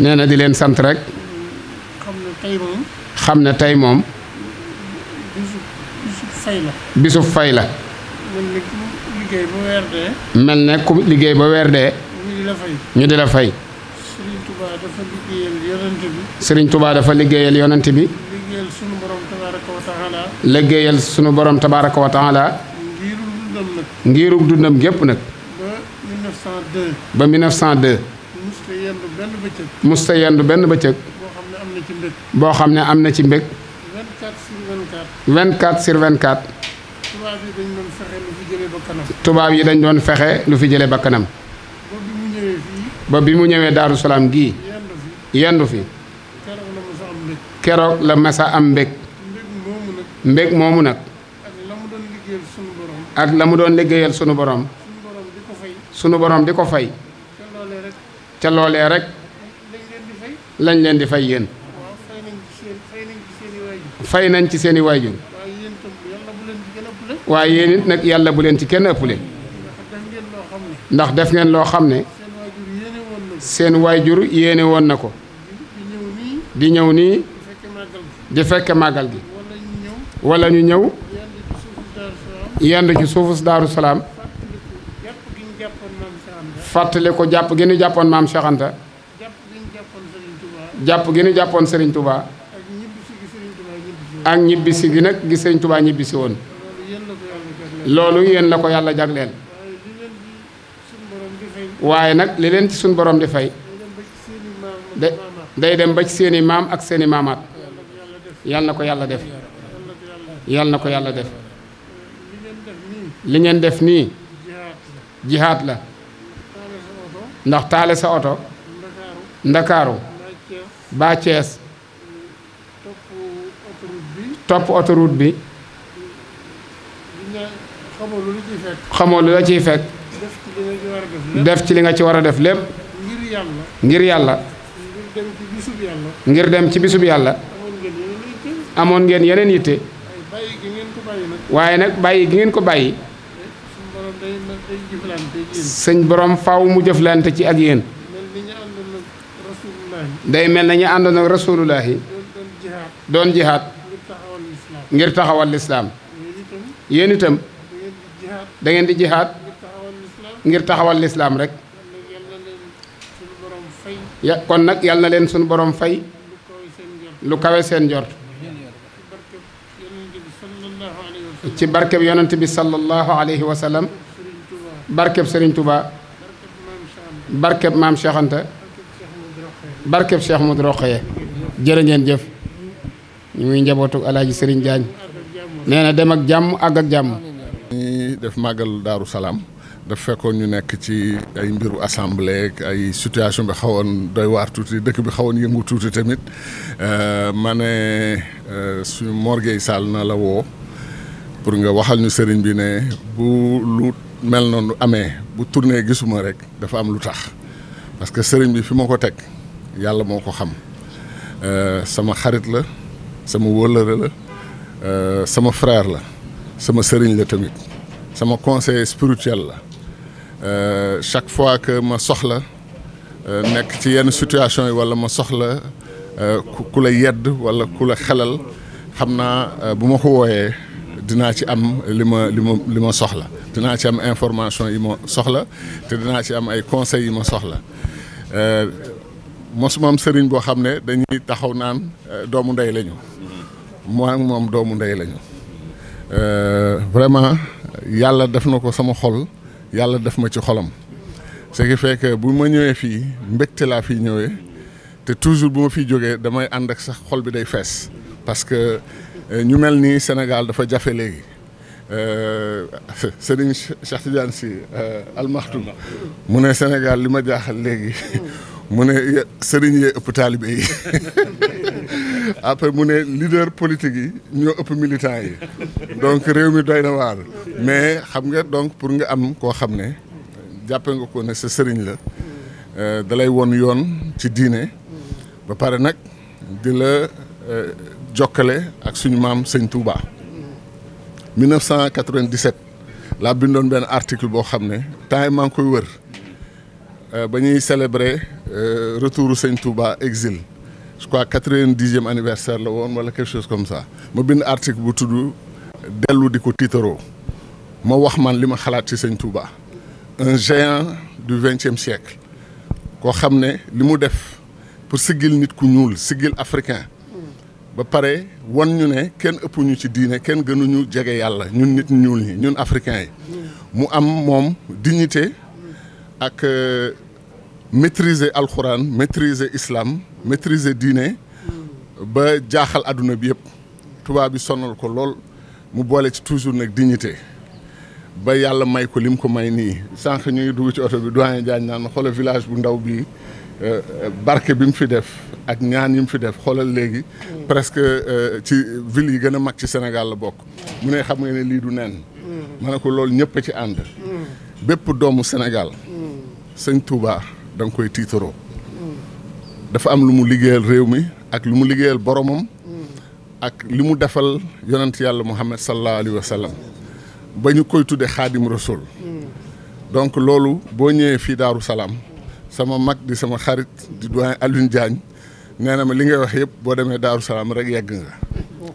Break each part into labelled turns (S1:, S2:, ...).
S1: nee na di leen sant rek. xam ne tey moom.
S2: bisu fay la.
S1: bisub fay la. mel ne ku liggéey ba weer dee. ñu di la fay. ñu di la fay. Serigne Touba dafa liggéeyal yonent bi. Serigne liggéeyal sunu borom tabaaraka wa taala.
S2: dundam nag.
S1: ngirug dundam gépp nag. ba 1902. ba
S2: musta yendu benn bëccëg.
S1: boo xam ne am na ci mbég. 24 sur 24. tubaab yi dañ doon fexe lu fi jëlee bakkanam.
S2: ba bi mu ñëwee
S1: fii. ba bi mu ñëwee Daaru Salaam yendu fi. keroog la masa am mbég. mbég moomu nag. ak la mu doon liggéeyal sunu boroom sunu boroom di ko fay. ca loolee rek lañ leen di fay yéen
S2: fay nañ ci seeni i waajur yéen it
S1: nag yàlla bu leen ci kenn ëppale ndax def ngeen loo xam ne seen waajur yéene woon na ko di ñëw nii di fekke màggal gi wala ñu ñëw yendu ci suufu daaru fàttale ko jàpp gi ñu jàppoon maam Cheikh Anta
S2: jàpp gi ñu jàppoon seriñ Touba ak ñibbisi gi nag
S1: gi Serigne Touba ñibbisi woon loolu yéen la ko yàlla jagleel
S2: waaye nag li leen ci suñ
S1: borom di fay de day dem ba ci seeni maam ak seeni maamaat yàlla na ko yàlla def yàlla na ko yàlla def li ngeen def nii jihaat la ndax taale sa oto ndakaaru ba Cees topp autoroute bi
S2: xamoo lu la ciy fekk def ci li nga ci
S1: war a def lépp ngir yàlla ngir dem ci bisub yàlla
S2: amoon ngeen yeneen yitte waaye nag
S1: bàyyi gi ngeen ko bàyyi sëñ boroom faw mu jëflante ci ak yéen.
S2: day mel na ñu àndoon ak doon jihaad ngir taxawal
S1: lislaam yéen itam
S2: da di jihaad ngir taxawal
S1: lislaam rek ya kon nag yal na leen suñu boroom fay lu kawe seen jot ci barkeb yonent bi sallallahu alayhi wa barkeb Serigne Touba barkeb maam Cheikh Anta barkeb Cheikh Modou Rokhaya jërë ngeen jëf ñu muy njabootu alaaji sëriñ Diagne nee na dem ak jàmm àgg ak jàmm.
S3: ñi def màggal Daaru Salaam daf fekkoon ñu nekk ci ay mbiru assemblée ay situation bi xawoon doy waar tuuti dëkk bi xawoon yëngu tuuti tamit euh, ma ne euh, suñu Mor Gueye na la woo pour nga waxal ñu sëriñ bi ne bu lu. mel noonu amee bu tourné gisuma rek dafa am lu tax parce que sëriñ bi fi ma ko teg yàlla moo ko xam euh, sama xarit la sama wóllëre la euh, sama frère la sama sëriñ la tamit sama conseiller spirituel la euh, chaque fois que ma soxla nekk ci yenn situation yi walla ma soxla ku la yedd walla ku la xelal xam naa bu ma ko wooyee dinaa ci am li ma li ma li ma soxla dinaa ci am information yi ma soxla te dinaa ci am ay conseils yi ma soxla euh, mosuma am sëriñ boo xam ne dañuy taxaw naan euh, doomu ndey lañu moo ak moom doomu ndey lañu euh, vraiment yàlla def na ko sama xol yàlla def ma ci xolam ce qui fait que bu ma ñëwee fii mbégte laa fii ñëwee te toujours bu ma fiy jógee damay ànd ak sax xol bi day fees parce que Euh, ñu mel ni Sénégal dafa jafe léegi euh, Serigne Cheikh si Sy euh, Al mu ne Sénégal li ma jaaxal léegi mu ne Serigne yee ëpp taalibe yi après mu ne leader politique yi ñoo ëpp militant yi donc réew mi doy na waar mais xam nga donc pour nga am koo xam ne jàppe nga ko ne sa sëriñ la dalay won yoon ci diine ba pare nag di la jokkale ak suñu maam sëñ Touba 1997 laa bindoon benn article boo xam ne temps yi maa ngi koy wër euh, ba ñuy célébrer euh, retouru sëñ Touba exil je crois quatre-vingt-dixième anniversaire la woon wala quelque chose comme ça ma bind article bu tudd dellu di ko tiitaroo ma wax man li ma xalaat ci sëñ Touba un géant du vingtième siècle koo xam ne li mu def pour siggil nit ku ñuul siggil africain ba pare wan ñu ne kenn ëpp ñu ci diine kenn gënuñu jege yàlla ñun nit ñuul ñi ñun africains yi mu am moom dignité ak euh, maîtriser alxuraan maîtriser islaam maîtriser diine ba jaaxal àdduna bi yëpp tubaab bi sonal ko lool mu boole ci toujours nag dignité ba yàlla may ko li mu ko may nii sanq ñuy dugg ci oto bi doyen Diagne naan xoolal village bu ndaw bi euh, barke bi mu fi def ak ñaan yi mu fi def xoolal léegi presque euh, ci ville yi gën a mag ci Sénégal la bokk mu ne xam nga ne lii du nen ma ne ko loolu ñëpp ci ànd bépp doomu Sénégal sëñ Touba da koy tiitaroo dafa am lu mu liggéeyal réew mi ak lu mu liggéeyal boromam ak li mu defal yonent yàlla Muhammad sallallahu alayhi wa sallam ba ñu koy tuddee xaadim rasul donc loolu boo ñëwee fii Daaru Salaam sama mag di sama xarit di doyen Alioune Diagne nee ma li ngay wax yëpp boo demee Daaru Salaam rek yegg nga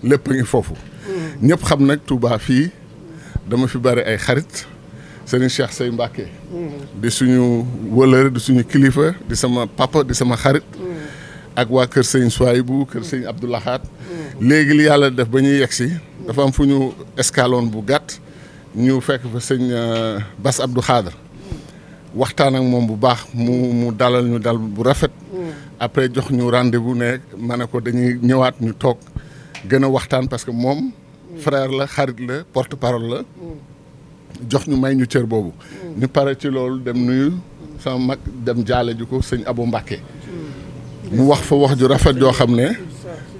S3: lépp a ngi foofu. ñëpp xam nag Touba fii dama fi bari ay xarit sëriñ Cheikh Say Mbacke. di suñu wëlër di suñu kilifa di sama papa di sama xarit. ak waa kër sëñ Souaïbou kër sëñ Abdoulahat léegi li yàlla def ba ñuy yegg si dafa am fu ñu escalon bu gàtt ñu fekk fa sëñ euh, Bass Abdou Khadre waxtaan ak moom bu baax mu mu dalal ñu dal bu rafet après jox ñu rendez-vous ne ma ne ko dañuy ñëwaat ñu toog gën a waxtaan parce que moom. frère la xarit la porte-parole la. jox ñu may ñu cër boobu. ñu pare ci loolu dem nuyu. sama mag dem jaale ji ko sëñ Abo Mbàkke mu wax fa wax ju rafet joo xam ne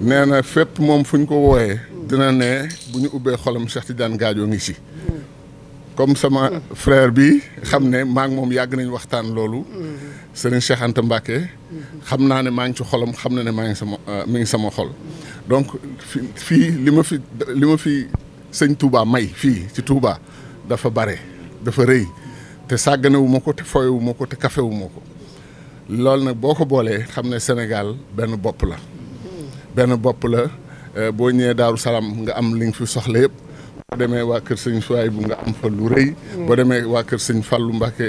S3: nee na fépp moom fu ñu ko wooyee dina ne bu ñu ubbee xolam Cheikh Tidiane Gadio ngi si comme sama frère bi xam ne maa moom yàgg nañu waxtaan loolu Serigne Cheikh Anta xam naa ne maa ngi ci xolam xam na ne maa ngi sama euh, mi sama xol donc fii li ma fi li ma fi sëñ Touba may fii ci Touba dafa bare dafa rëy te sàgganewu ma ko te foyewu ma ko te kafewu ko loolu nag boo ko boolee xam ne Sénégal benn bopp la benn bopp la euh, boo ñëwee Daaru Salaam nga am li nga fi soxla yëpp boo demee waa kër sëñ Suwaay bu nga am fa lu rëy. Mm. boo demee waa kër sëñ Fallou Mbacke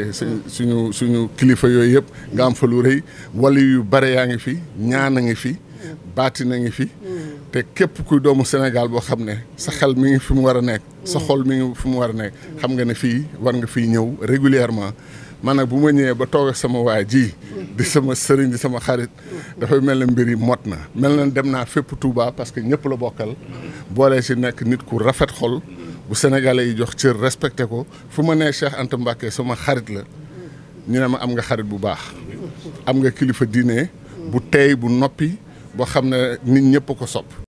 S3: suñu suñu kilifa yooyu yëpp nga am fa lu rëy wali yu bare yaa ngi fi ñaan a ngi fi. baati na ngi fi. Mm. te képp kuy doomu Sénégal boo xam ne sa mm. xel mi ngi fi mu war a nekk. sa xol mi ngi fi mu war a nekk. xam nga ne fii war nga fiy ñëw régulièrement man nag bu ma ñëwee ba toog sama waa ji di sama sëriñ di sama xarit dafay mel na mbir yi mot na mel na dem naa fépp Touba parce que ñëpp la bokkal boolee si nekk nit ku rafet xol bu sénégalais yi jox cër respecté ko fu ma nee Cheikh Anta Mbacké sama xarit la ñu ne ma am nga xarit bu baax am nga kilifa diine bu tey bu noppi boo xam ne nit ñëpp ko sopp